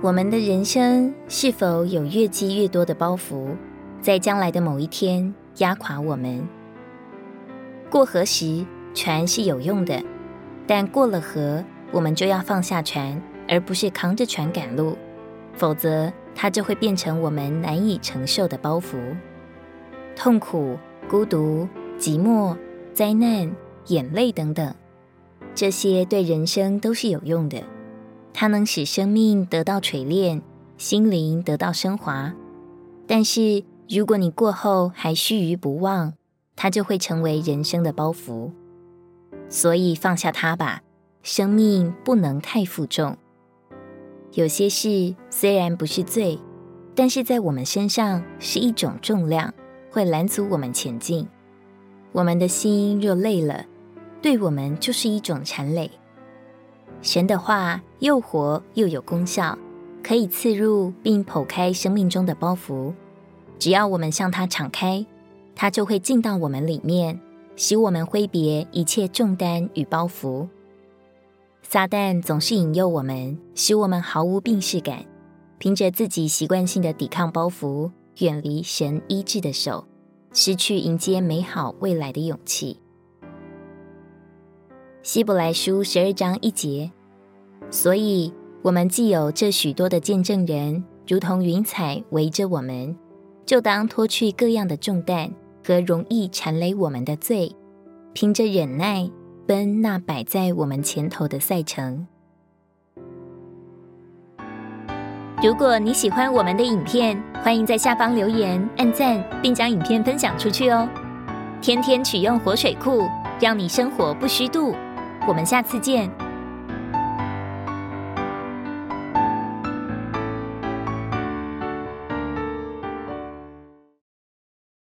我們的人生是否有越積越多的包袱，在將來的某一天壓垮我們？過河時船是有用的，但過了河，我們就要放下船，而不是扛着船趕路，否則它就會變成我們難以承受的包袱。痛苦、孤獨、寂寞、災難、眼淚等等，這些對人生都是有用的。它能使生命得到錘煉，心靈得到升華。但是，如果你過後還須臾不忘，它就會成為人生的包袱。所以，放下它吧，生命不能太負重。有些事雖然不是罪，但是在我們身上是一種重量，會攔阻我們前進。我們的心若累了，對我們就是一種纏累。神的話又活又有功效，可以刺入並剖開生命中的包袱。只要我們向他敞開，他就會進到我們裡面，使我們揮別一切重擔與包袱。撒旦總是引誘我們，使我們毫無病識感，憑着自己習慣性的抵抗包袱，遠離神醫治的手，失去迎接美好未來的勇氣。希伯來書十二章一節，所以我們既有這許多的見證人，如同雲彩圍着我們，就當脫去各樣的重擔和容易纏累我們的罪，憑着忍耐奔那擺在我們前頭的賽程。如果你喜歡我們的影片，歡迎在下方留言、按讚，並將影片分享出去哦！天天取用活水庫，讓你生活不虛度。我們下次見。